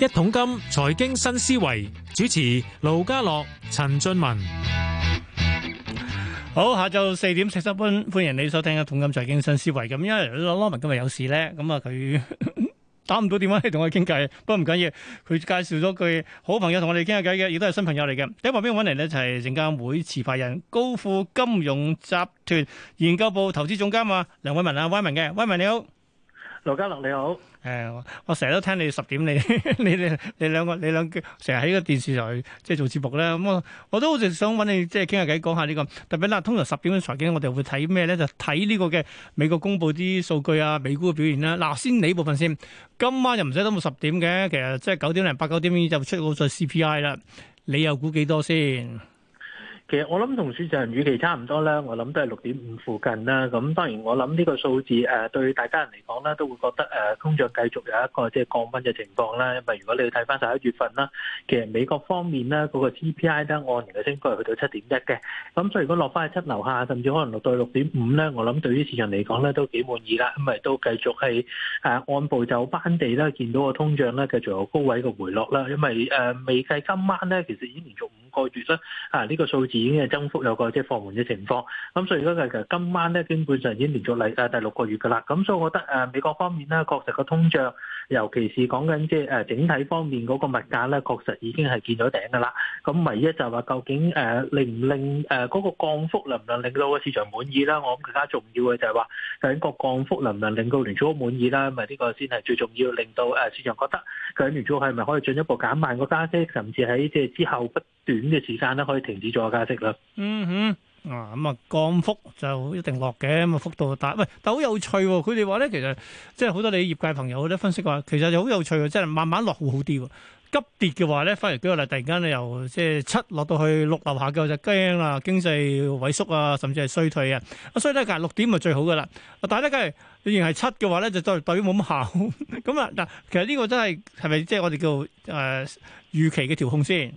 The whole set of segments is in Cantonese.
一桶金財經新思維主持盧家樂、陳俊文，好，下晝四點四十分，歡迎你收聽一桶金財經新思維。咁因為羅文今日有事咧，咁啊佢打唔到電話嚟同我傾偈，不過唔緊要。佢介紹咗句好朋友同我哋傾下偈嘅，亦都係新朋友嚟嘅。喺旁邊揾嚟呢，就係證監會持牌人高富金融集團研究部投資總監啊梁偉民，啊偉民，嘅偉民你好。羅家樂你好，誒、欸，我成日都聽你十點你你你兩個你兩個成日喺個在電視台即係做節目咧，咁、嗯、我我都好想想揾你即係傾下偈、這個，講下呢個特別啦。通常十點嘅財經我哋會睇咩咧？就睇呢個嘅美國公布啲數據啊，美股嘅表現啦。嗱，先你部分先，今晚又唔使等到十點嘅，其實即係九點零八九點就出咗 CPI 啦。你又估幾多先？其實我諗同市場預期差唔多咧，我諗都係六點五附近啦。咁當然我諗呢個數字誒、啊、對大家人嚟講咧，都會覺得誒、啊、通脹繼續有一個即係、就是、降溫嘅情況啦。因為如果你睇翻十一月份啦，其實美國方面咧嗰、那個 CPI 咧按年嘅升幅係去到七點一嘅。咁所以如果落翻去七樓下，甚至可能落到去六點五咧，我諗對於市場嚟講咧都幾滿意啦。咁咪都繼續係誒、啊、按步就班地咧見到個通脹咧繼續由高位嘅回落啦。因為誒、啊、未計今晚咧，其實已經連續五個月咧，啊呢個數字已經係增幅有個即係放緩嘅情況，咁所以而家其實今晚咧，基本上已經連續第啊第六個月噶啦，咁所以我覺得誒美國方面咧，確實個通脹，尤其是講緊即係誒整體方面嗰個物價咧，確實已經係見咗頂噶啦，咁唯一就話究竟誒令唔令誒嗰個降幅能唔能令到個市場滿意啦？我諗更加重要嘅就係話，究竟個降幅能唔能令到聯儲局滿意啦？咪呢個先係最重要，令到誒市場覺得，究竟聯儲局係咪可以進一步減慢個加息，甚至喺即係之後不短嘅時間咧，可以停止咗加息啦。嗯哼，啊咁啊，降幅就一定落嘅咁啊，幅度大喂，但係好有趣。佢哋話咧，其實即係好多你業界朋友咧分析話，其實就好有趣嘅，即係慢慢落會好啲喎。急跌嘅話咧，反而幾個例，突然間你由即係七落到去六，樓下嘅就驚啦，經濟萎縮啊，甚至係衰退啊。啊，所以咧，其實六點咪最好噶啦。啊，但係咧，佢係仍然係七嘅話咧，就對對於冇乜效咁啊。嗱，其實呢個真係係咪即係我哋叫誒預期嘅調控先？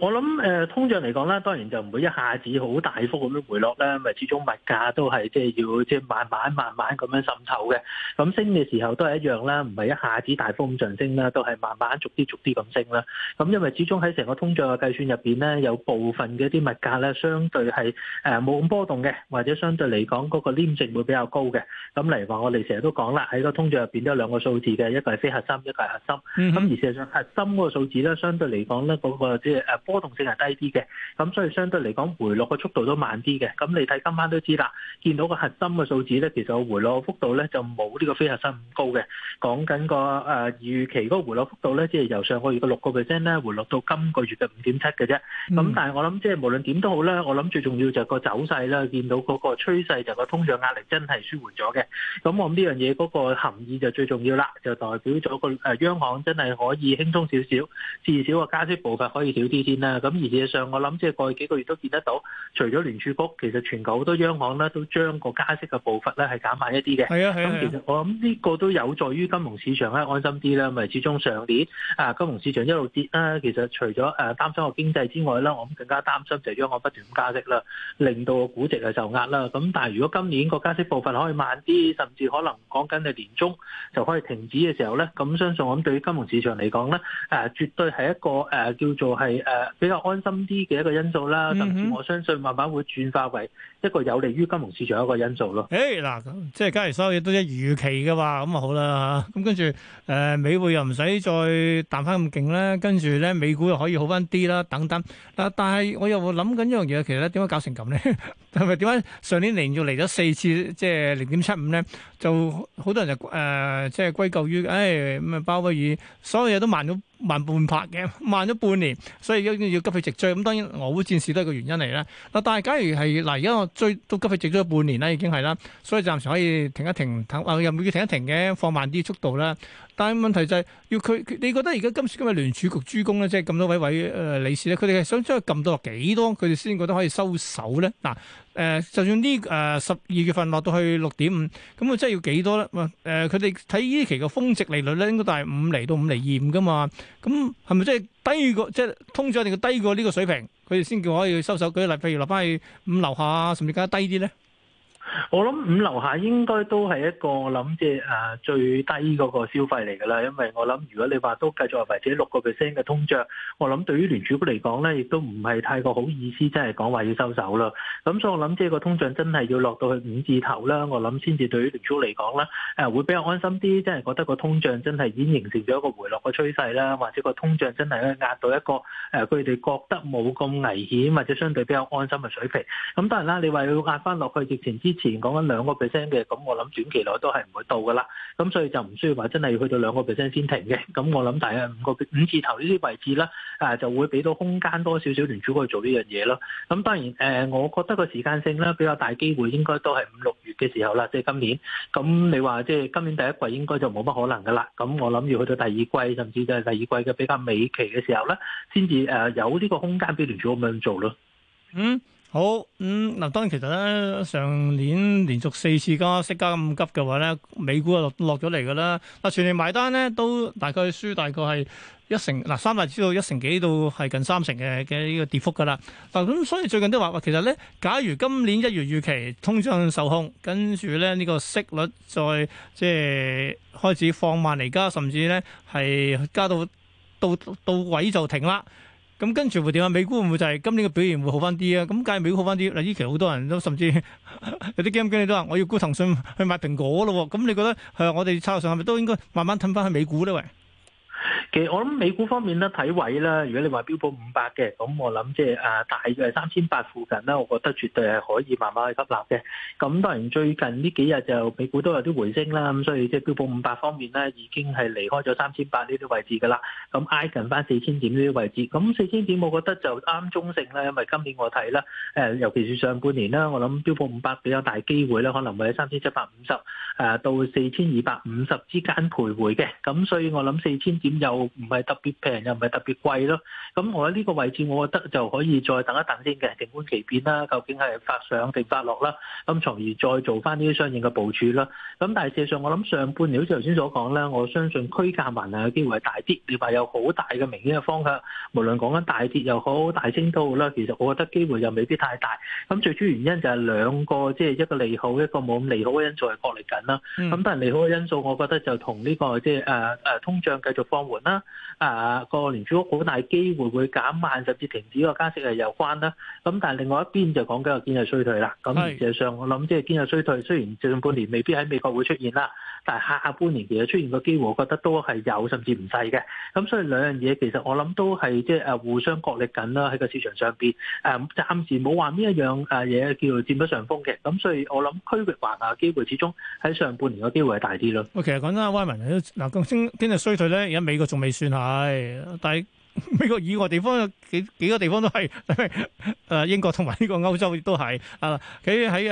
我諗誒通脹嚟講咧，當然就唔會一下子好大幅咁樣回落啦，因為始終物價都係即係要即係慢慢慢慢咁樣滲透嘅。咁升嘅時候都係一樣啦，唔係一下子大幅咁上升啦，都係慢慢逐啲逐啲咁升啦。咁因為始終喺成個通脹嘅計算入面咧，有部分嘅啲物價咧，相對係誒冇咁波動嘅，或者相對嚟講嗰個黏性會比較高嘅。咁例如話我哋成日都講啦，喺個通脹入面都有兩個數字嘅，一個係非核心，一個係核心。咁、嗯、哼而事實上核心個數字咧，相對嚟講咧，嗰、嗰個即係波動性係低啲嘅，咁所以相對嚟講回落嘅速度都慢啲嘅。咁你睇今晚都知啦，見到個核心嘅數字咧，其實回落幅度咧就冇呢個非核心咁高嘅。講緊個誒預期嗰個回落幅度咧，即係由上個月嘅六個 percent 咧回落到今個月嘅五點七嘅啫。咁但係我諗即係無論點都好咧，我諗最重要就係個走勢啦，見到嗰個趨勢就個通脹壓力真係舒緩咗嘅。咁我諗呢樣嘢嗰個含義就最重要啦，就代表咗個誒央行真係可以輕鬆少少，至少個加息步伐可以少啲。咁而事實上我諗，即係過去幾個月都見得到。除咗聯儲局，其實全球好多央行咧，都將個加息嘅步伐咧係減慢一啲嘅。係啊係啊。咁其實我諗呢個都有助於金融市場咧安心啲啦。咪始終上年啊金融市場一路跌啦。其實除咗誒擔心個經濟之外啦，我諗更加擔心就係央行不斷咁加息啦，令到個股值係受壓啦。咁但係如果今年個加息步伐可以慢啲，甚至可能講緊係年中就可以停止嘅時候咧，咁相信我諗對於金融市場嚟講咧，誒絕對係一個誒叫做係。誒比較安心啲嘅一個因素啦，甚至我相信慢慢會轉化為。一個有利於金融市場一個因素咯。誒嗱、哎，即係假如所有嘢都一如預期嘅話，咁啊好啦咁跟住誒美匯又唔使再彈翻咁勁咧，跟住咧、呃、美，美股又可以好翻啲啦，等等。嗱，但係我又諗緊一樣嘢，其實點解搞成咁咧？係咪點解上年連續嚟咗四次，即係零點七五咧？就好多人就誒、呃、即係歸咎於，誒咁啊鮑威爾所有嘢都慢咗慢半拍嘅，慢咗半年，所以要急起直追。咁當然俄烏戰事都係一個原因嚟啦。嗱，但係假如係嗱而家我。最都急佢值咗半年啦，已經係啦，所以暫時可以停一停，又唔會停一停嘅，放慢啲速度啦。但係問題就係、是、要佢，你覺得而家今次今日聯儲局諸公咧，即係咁多位位、呃、理事咧，佢哋係想將佢撳到落幾多，佢哋先覺得可以收手咧？嗱、呃、就算呢十二月份落到去六點五，咁啊真係要幾多咧？佢哋睇呢期嘅峰值利率咧，應該都係五厘到五厘二五噶嘛？咁係咪即係低過即係通脹定係低過呢個水平？佢哋先叫我可以收手，舉例，譬如落返去五樓下，甚至更加低啲咧。我諗五樓下應該都係一個諗，即係誒最低嗰個消費嚟噶啦，因為我諗如果你話都繼續或者六個 percent 嘅通脹，我諗對於聯儲局嚟講咧，亦都唔係太過好意思，即係講話要收手啦。咁所以我諗即係個通脹真係要落到去五字頭啦，我諗先至對於聯儲嚟講啦，誒會比較安心啲，即係覺得個通脹真係已經形成咗一個回落嘅趨勢啦，或者個通脹真係咧壓到一個誒佢哋覺得冇咁危險或者相對比較安心嘅水平。咁當然啦，你話要壓翻落去疫情之前。前講緊兩個 percent 嘅，咁我諗短期內都係唔會到噶啦，咁所以就唔需要話真係去到兩個 percent 先停嘅，咁我諗大概五個五字頭呢啲位置啦，啊就會俾到空間多少少聯儲去做呢樣嘢咯。咁當然誒，我覺得個時間性咧比較大機會應該都係五六月嘅時候啦，即係今年。咁你話即係今年第一季應該就冇乜可能噶啦。咁我諗要去到第二季，甚至就係第二季嘅比較尾期嘅時候咧，先至誒有呢個空間俾聯儲咁樣做咯。嗯。好嗯嗱，當然其實咧，上年連續四次加息加咁急嘅話咧，美股啊落落咗嚟㗎啦。嗱，全年埋單咧都大概輸大概係一成嗱，三大指數一成幾到係近三成嘅嘅呢個跌幅噶啦。嗱、嗯、咁，所以最近都話話其實咧，假如今年一月預期通脹受控，跟住咧呢、呢個息率再即係開始放慢嚟加，甚至咧係加到到到位就停啦。咁跟住會點啊？美股會唔會就係今年嘅表現會好翻啲啊？咁梗係美股好翻啲，嗱依期好多人都甚至呵呵有啲基金經理都話我要沽騰訊去買蘋果咯。咁、嗯、你覺得係我哋策略上係咪都應該慢慢褪翻去美股咧？喂？其實我諗美股方面咧睇位啦，如果你話標普五百嘅，咁我諗即係啊大約三千八附近呢，我覺得絕對係可以慢慢去吸納嘅。咁當然最近呢幾日就美股都有啲回升啦，咁所以即係標普五百方面咧已經係離開咗三千八呢啲位置㗎啦，咁挨近翻四千點呢啲位置。咁四千點我覺得就啱中性啦，因為今年我睇啦，尤其是上半年啦，我諗標普五百比較大機會咧，可能會喺三千七百五十到四千二百五十之間徘徊嘅。咁所以我諗四千點。又唔係特別平，又唔係特別貴咯。咁我喺呢個位置，我覺得就可以再等一等先嘅，靜觀其變啦。究竟係發上定發落啦。咁從而再做翻呢啲相應嘅部署啦。咁但係事實上，我諗上半年好似頭先所講咧，我相信區間橫行嘅機會係大啲。另外有好大嘅明顯嘅方向，無論講緊大跌又好，大升都好啦。其實我覺得機會又未必太大。咁最主要原因就係兩個，即係一個利好，一個冇咁利好嘅因素係角力緊啦。咁、嗯、但係利好嘅因素，我覺得就同呢個即係誒誒通脹繼續放。換啦，啊個年租好大機會會減慢，甚至停止個加息係有關啦。咁但係另外一邊就講緊個經濟衰退啦。咁實際上我諗，即係經濟衰退雖然上半年未必喺美國會出現啦，但係下半年其實出現個機會，我覺得都係有，甚至唔細嘅。咁所以兩樣嘢其實我諗都係即係誒互相角力緊啦喺個市場上邊。誒暫時冇話呢一樣誒嘢叫做佔得上風嘅。咁所以我諗區域環亞嘅機會，始終喺上半年嘅機會係大啲咯。我其實講緊阿偉民嗱個經經濟衰退咧，而家未。呢個仲未算係，但係。美國以外地方有幾幾個地方都係誒，英國同埋呢個歐洲亦都係啊，喺喺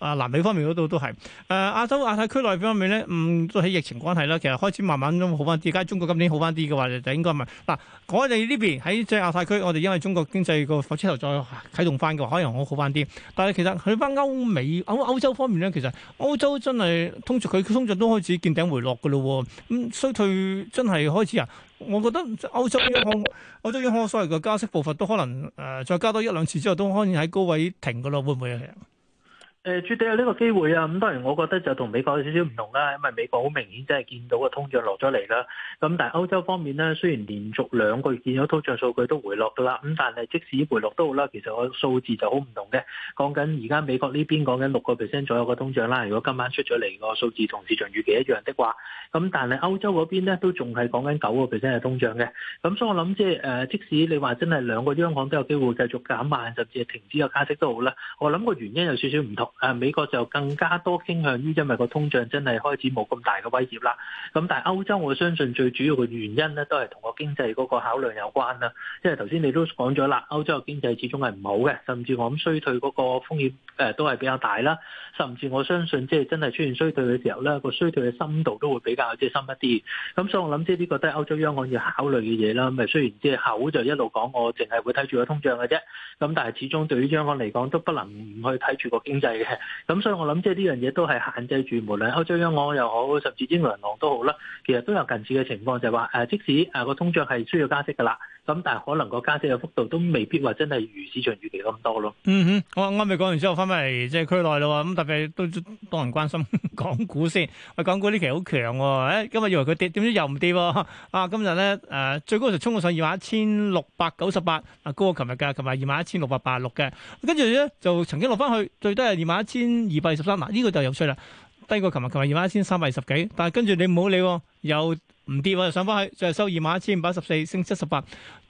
誒南美方面嗰度都係誒，亞洲亞太區內方面咧，嗯都喺疫情關係啦，其實開始慢慢都好翻啲，而家中國今年好翻啲嘅話就應該咪嗱，我哋呢邊喺即亞太區，我哋因為中國經濟個火車頭再啟動翻嘅話，可能好好翻啲。但係其實去翻歐美歐歐洲方面咧，其實歐洲真係通脹，佢通脹都開始見頂回落噶咯，咁衰退真係開始啊！我覺得歐洲央行歐洲央行所謂嘅加息步伐都可能誒、呃，再加多一兩次之後，都可以喺高位停噶咯，會唔會啊？誒絕對有呢個機會啊！咁當然我覺得就同美國有少少唔同啦，因為美國好明顯真係見到個通脹落咗嚟啦。咁但係歐洲方面呢，雖然連續兩個月見到通脹數據都回落到啦，咁但係即使回落都好啦，其實個數字就好唔同嘅。講緊而家美國呢邊講緊六個 percent 左右嘅通脹啦。如果今晚出咗嚟個數字同市場預期一樣的話，咁但係歐洲嗰邊呢都仲係講緊九個 percent 嘅通脹嘅。咁所以我諗即係誒，即使你話真係兩個央行都有機會繼續減慢甚至係停止個加息都好啦，我諗個原因有少少唔同。誒美國就更加多傾向於，因為個通脹真係開始冇咁大嘅威脅啦。咁但係歐洲，我相信最主要嘅原因咧，都係同個經濟嗰個考量有關啦。因為頭先你都講咗啦，歐洲嘅經濟始終係唔好嘅，甚至我諗衰退嗰個風險誒都係比較大啦。甚至我相信，即係真係出現衰退嘅時候咧，個衰退嘅深度都會比較即係深一啲。咁所以我諗，即係呢個都係歐洲央行要考慮嘅嘢啦。咁誒雖然即係口就一路講，我淨係會睇住個通脹嘅啫。咁但係始終對於央行嚟講，都不能唔去睇住個經濟。咁 所以我諗，即係呢樣嘢都係限制住，無論歐洲央行又好，甚至英倫銀行都好啦，其實都有近似嘅情況，就係話誒，即使誒個通脹係需要加息㗎啦。咁但係可能個加息嘅幅度都未必話真係如市場預期咁多咯。嗯哼，我，啱啱講完之後，翻翻嚟即係區內咯。咁特別都多人關心港股先。喂，港股呢期好強喎，誒，今日以為佢跌，點知又唔跌啊？啊今日咧誒，最高時衝到上二萬一千六百九十八，啊，高過琴日噶，琴日二萬一千六百八十六嘅。跟住咧就曾經落翻去，最低係二萬一千二百二十三萬，呢、啊這個就有趣啦。低過琴日，琴日二萬一千三百二十幾，但係跟住你唔好理，又唔跌我又上翻去，就係收二萬一千五百一十四，升七十八，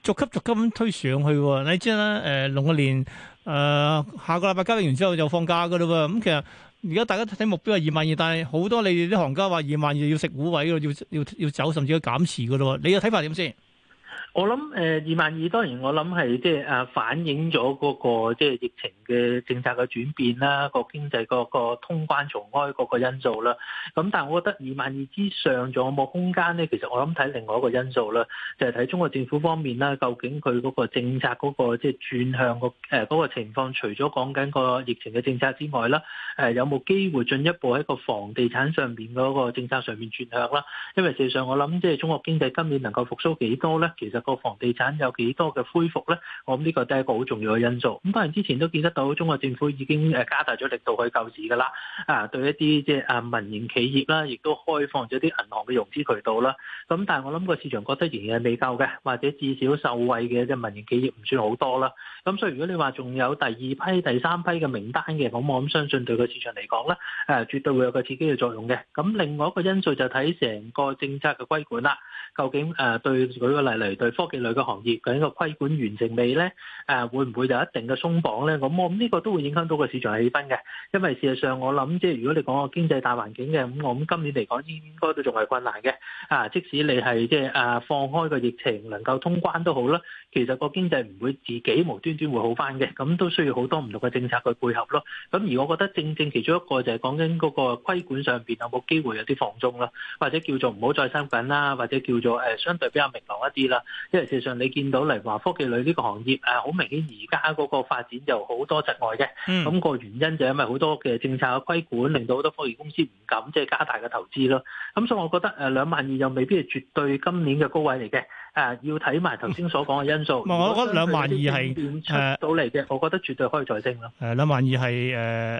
逐級逐級咁推上去。你知啦，誒、呃，龍個年誒、呃，下個禮拜交易完之後就放假噶啦，咁其實而家大家睇目標係二萬二，但係好多你哋啲行家話二萬二要食糊位喎，要要要走，甚至要減持噶啦，你嘅睇法點先？我諗誒二萬二，當然我諗係即係誒反映咗嗰個即係疫情嘅政策嘅轉變啦，個經濟個個通關重開嗰個因素啦。咁但係我覺得二萬二之上仲有冇空間咧？其實我諗睇另外一個因素啦，就係睇中國政府方面啦，究竟佢嗰個政策嗰個即係轉向個嗰個情況，除咗講緊個疫情嘅政策之外啦，誒有冇機會進一步喺個房地產上邊嗰個政策上面轉向啦？因為事實上我諗即係中國經濟今年能夠復甦幾多咧？其實個房地產有幾多嘅恢復咧？我諗呢個都係一個好重要嘅因素。咁當然之前都見得到，中國政府已經誒加大咗力度去救市噶啦。啊，對一啲即係啊民營企業啦，亦都開放咗啲銀行嘅融資渠道啦。咁但係我諗個市場覺得仍然係未夠嘅，或者至少受惠嘅即民營企業唔算好多啦。咁所以如果你話仲有第二批、第三批嘅名單嘅，咁我諗相信對個市場嚟講咧，誒絕對會有個刺激嘅作用嘅。咁另外一個因素就睇成個政策嘅規管啦，究竟誒對舉個例嚟對。科技類嘅行業究竟個規管完成未咧？誒、啊、會唔會有一定嘅鬆綁咧？咁我咁呢個都會影響到個市場氣氛嘅。因為事實上我諗，即係如果你講個經濟大環境嘅，咁我諗今年嚟講應該都仲係困難嘅。啊，即使你係即係誒放開個疫情能夠通關都好啦，其實個經濟唔會自己無端端會好返嘅。咁都需要好多唔同嘅政策去配合咯。咁而我覺得正正其中一個就係講緊嗰個規管上面有冇機會有啲放鬆啦，或者叫做唔好再生緊啦，或者叫做誒相對比較明朗一啲啦。因為事實上你見到嚟話科技類呢個行業誒，好明顯而家嗰個發展就好多窒礙嘅。咁個、嗯、原因就係因為好多嘅政策嘅規管，令到好多科技公司唔敢即係、就是、加大嘅投資咯。咁所以我覺得誒兩萬二又未必係絕對今年嘅高位嚟嘅。誒、啊，要睇埋頭先所講嘅因素。嗯、我覺得兩萬二係到嚟嘅，啊、我覺得絕對可以再升咯。誒、啊，兩萬二係誒、啊、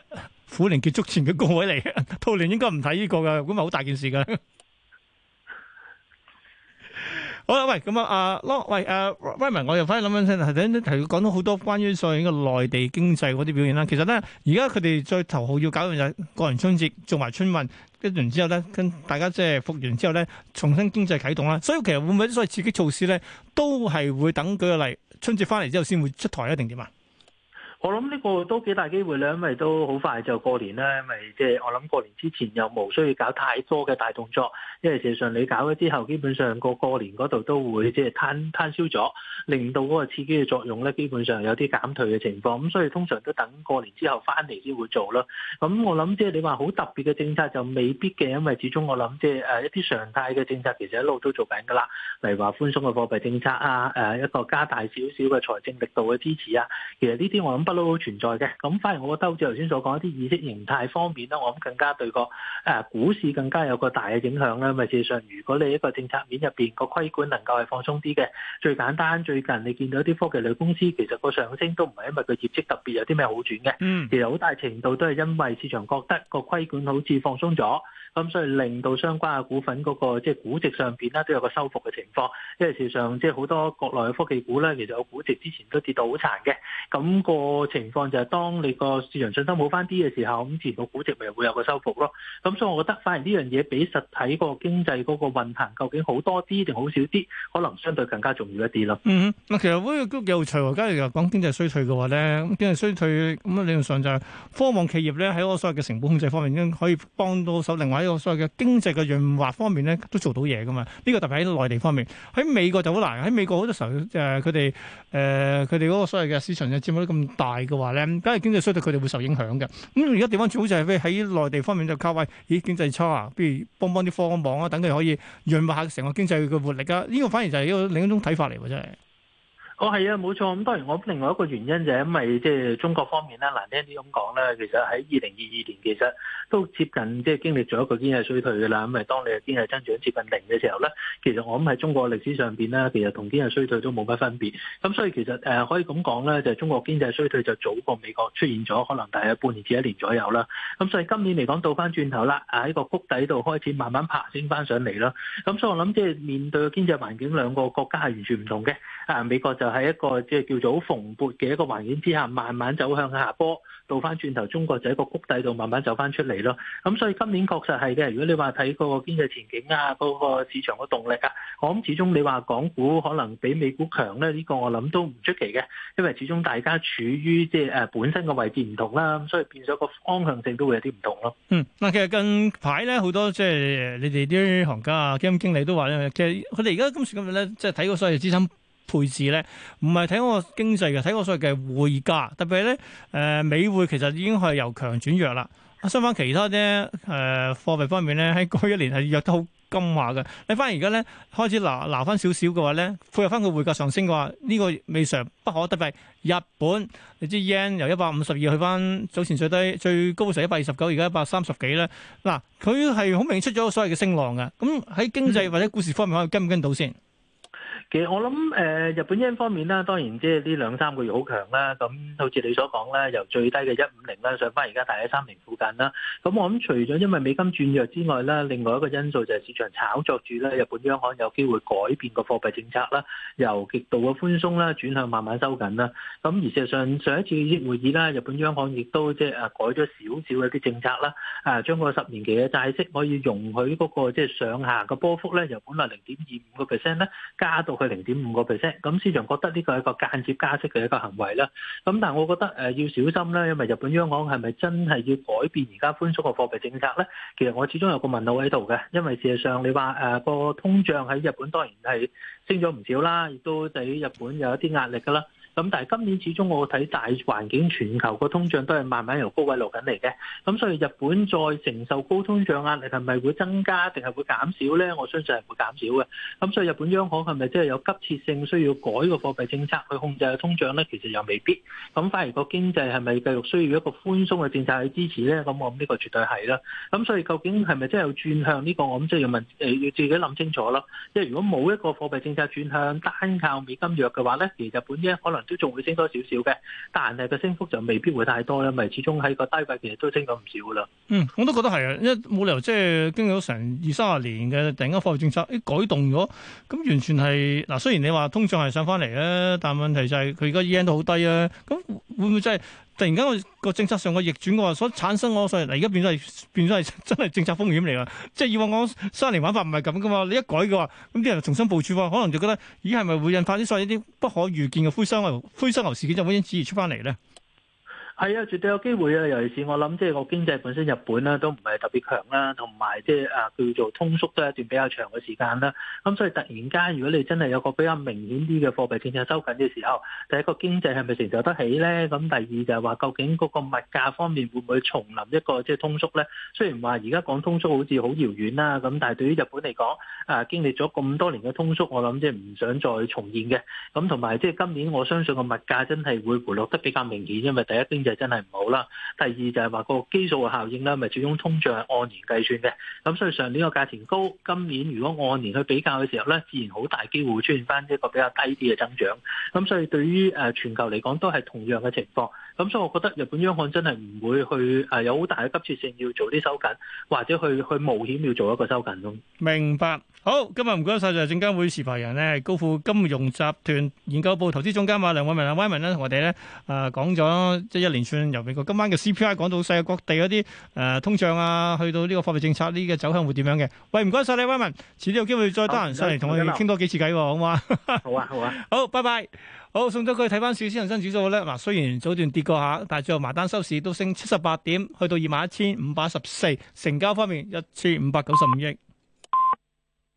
虎年結束前嘅高位嚟嘅，兔年應該唔睇呢個噶，咁咪好大件事噶。好啦，喂，咁啊，阿 Lo 喂，誒 Raymond，我又返去諗緊先，頭先都提講到好多關於所謂嘅內地經濟嗰啲表現啦。其實咧，而家佢哋最頭號要搞嘅就係過完春節做埋春運，跟住然之後咧，跟大家即係復原之後咧，重新經濟啟動啦。所以其實會唔會所謂刺激措施咧，都係會等舉個例，春節翻嚟之後先會出台啊？定點啊？我諗呢個都幾大機會咧，因為都好快就過年啦，因為即係我諗過年之前又冇需要搞太多嘅大動作，因為事實上你搞咗之後，基本上個過年嗰度都會即係攤攤銷咗，令到嗰個刺激嘅作用咧，基本上有啲減退嘅情況，咁所以通常都等過年之後翻嚟先會做咯。咁我諗即係你話好特別嘅政策就未必嘅，因為始終我諗即係誒一啲常態嘅政策其實一路都做緊噶啦，例如話寬鬆嘅貨幣政策啊，誒一個加大少少嘅財政力度嘅支持啊，其實呢啲我諗不。都存在嘅，咁反而我覺得，好似頭先所講一啲意識形態方面咧，我諗更加對個誒股市更加有個大嘅影響啦咪，事實上，如果你一個政策面入邊個規管能夠係放鬆啲嘅，最簡單，最近你見到啲科技類公司，其實個上升都唔係因為佢業績特別有啲咩好轉嘅，其實好大程度都係因為市場覺得個規管好似放鬆咗。咁、嗯、所以令到相關嘅股份嗰、那個即係估值上邊啦，都有個收復嘅情況。因為事實上，即係好多國內嘅科技股咧，其實有估值之前都跌到好殘嘅。咁、那個情況就係當你個市場信心冇翻啲嘅時候，咁自然個估值咪會有個收復咯。咁所以，我覺得反而呢樣嘢比實體個經濟嗰個運行究竟好多啲定好少啲，可能相對更加重要一啲咯。嗯，嗱，其實呢個都有趣喎。假如又講經濟衰退嘅話咧，咁經濟衰退咁啊，理論上就係科網企業咧喺嗰個所謂嘅成本控制方面已經可以幫到手，另外呢個所謂嘅經濟嘅潤滑方面咧，都做到嘢噶嘛。呢個特別喺內地方面，喺美國就好難。喺美國好多時候，誒佢哋誒佢哋嗰個所謂嘅市場佔得咁大嘅話咧，梗係經濟衰退，佢哋會受影響嘅。咁而家地方最好就係喺內地方面就靠位，咦經濟差啊，不如幫幫啲科網啊，等佢可以潤滑下成個經濟嘅活力啊！呢個反而就係一個另一種睇法嚟，真係。我係、哦、啊，冇錯。咁當然，我另外一個原因就係因為即係中國方面咧，難聽啲咁講啦，其實喺二零二二年其實都接近即係、就是、經歷咗一個經濟衰退嘅啦。咁咪當你經濟增長接近零嘅時候咧，其實我諗喺中國歷史上邊咧，其實同經濟衰退都冇乜分別。咁所以其實誒可以咁講咧，就是、中國經濟衰退就早過美國出現咗，可能大約半年至一年左右啦。咁所以今年嚟講倒翻轉頭啦，喺個谷底度開始慢慢爬升翻上嚟啦。咁所以我諗即係面對經濟環境兩個國家係完全唔同嘅。啊，美國就就喺一個即係叫做蓬勃嘅一個環境之下，慢慢走向下坡，到翻轉頭，中國就喺個谷底度慢慢走翻出嚟咯。咁所以今年確實係嘅。如果你話睇嗰個經濟前景啊，嗰、那個市場嘅動力啊，我諗始終你話港股可能比美股強咧，呢、這個我諗都唔出奇嘅。因為始終大家處於即係誒本身嘅位置唔同啦，咁所以變咗個方向性都會有啲唔同咯。嗯，嗱、就是，其實近排咧好多即係你哋啲行家啊、基金經理都話咧，其實佢哋而家今時今日咧，即係睇嗰所有資產，配置咧，唔係睇我經濟嘅，睇我所謂嘅匯價，特別係咧，誒、呃、美匯其實已經係由強轉弱啦。啊，相反其他啲誒、呃、貨幣方面咧，喺嗰一年係弱得好金華嘅。你反而而家咧，開始拿拿翻少少嘅話咧，配合翻個匯價上升嘅話，呢、這個未嘗不可得避。特日本你知 yen 由一百五十二去翻早前最低最高成一百二十九，而家一百三十幾咧。嗱，佢係好明顯出咗所謂嘅升浪嘅。咁喺經濟或者股市方面可以跟唔跟到先？我諗誒日本央方面啦，當然即係呢兩三個月好強啦。咁好似你所講啦，由最低嘅一五零啦，上翻而家大約一三零附近啦。咁我諗除咗因為美金轉弱之外啦，另外一個因素就係市場炒作住啦，日本央行有機會改變個貨幣政策啦，由極度嘅寬鬆啦，轉向慢慢收緊啦。咁而事實上上一次會議啦，日本央行亦都即係改咗少少嘅啲政策啦，啊將個十年期嘅債息可以容許嗰個即係上下嘅波幅咧，由本來零點二五個 percent 咧，加到去零點五個 percent，咁市場覺得呢個係一個間接加息嘅一個行為啦。咁但係我覺得誒要小心啦，因為日本央行係咪真係要改變而家寬鬆嘅貨幣政策咧？其實我始終有個問號喺度嘅，因為事實上你話誒個通脹喺日本當然係升咗唔少啦，亦都喺日本有一啲壓力噶啦。咁但係今年始終我睇大環境，全球個通脹都係慢慢由高位落緊嚟嘅。咁所以日本再承受高通脹壓力係咪會增加，定係會減少咧？我相信係會減少嘅。咁所以日本央行係咪真係有急切性需要改個貨幣政策去控制通脹咧？其實又未必。咁反而個經濟係咪繼續需要一個寬鬆嘅政策去支持咧？咁我諗呢個絕對係啦。咁所以究竟係咪真係有轉向呢個？我諗即係要問誒要自己諗清楚咯。即係如果冇一個貨幣政策轉向，單靠美金弱嘅話咧，其實日本咧可能。都仲會升多少少嘅，但係個升幅就未必會太多啦，咪始終喺個低位其實都升咗唔少噶啦。嗯，我都覺得係啊，因為冇理由即係經過成二三十年嘅，突然間貨幣政策啲、欸、改動咗，咁完全係嗱、啊，雖然你話通脹係上翻嚟啊，但係問題就係佢而家依然都好低啊，咁會唔會真係？突然間個個政策上嘅逆轉嘅話，所產生我所以而家變咗係變咗係真係政策風險嚟噶，即係以往我三年玩法唔係咁噶嘛，你一改嘅話，咁啲人重新部署可能就覺得咦係咪會引發啲所謂啲不可預見嘅灰犀牛灰犀牛事件就會因此而出翻嚟咧？係啊，絕對有機會啊！尤其是我諗，即係個經濟本身日本咧都唔係特別強啦，同埋即係啊叫做通縮都係一段比較長嘅時間啦。咁所以突然間，如果你真係有個比較明顯啲嘅貨幣政策收緊嘅時候，第一個經濟係咪承受得起咧？咁第二就係話，究竟嗰個物價方面會唔會重臨一個即係通縮咧？雖然話而家講通縮好似好遙遠啦，咁但係對於日本嚟講，啊經歷咗咁多年嘅通縮，我諗即係唔想再重現嘅。咁同埋即係今年，我相信個物價真係會回落得比較明顯，因為第一經濟就真係唔好啦。第二就係話個基數嘅效應啦，咪始終通脹按年計算嘅。咁所以上年個價錢高，今年如果按年去比較嘅時候咧，自然好大機會出現翻一個比較低啲嘅增長。咁所以對於誒全球嚟講，都係同樣嘅情況。咁所以我覺得日本央行真係唔會去誒有好大嘅急切性要做啲收緊，或者去去冒險要做一個收緊咯。明白。好，今日唔該晒就係證監會持牌人咧，高富金融集團研究部投資總監嘛，梁偉民啊，偉民咧同我哋咧誒講咗即一。由美國今晚嘅 CPI 講到世界各地嗰啲誒通脹啊，去到呢個貨幣政策呢啲走向會點樣嘅？喂，唔該晒你，偉民好，遲啲、啊、有機會再得閒上嚟同我哋傾多幾次偈，好唔嗎好啊？好啊，好啊，好，拜拜。好，送咗佢睇翻市先恒生指數咧。嗱、啊，雖然早段跌過下，但係最後埋單收市都升七十八點，去到二萬一千五百十四，成交方面一千五百九十五億。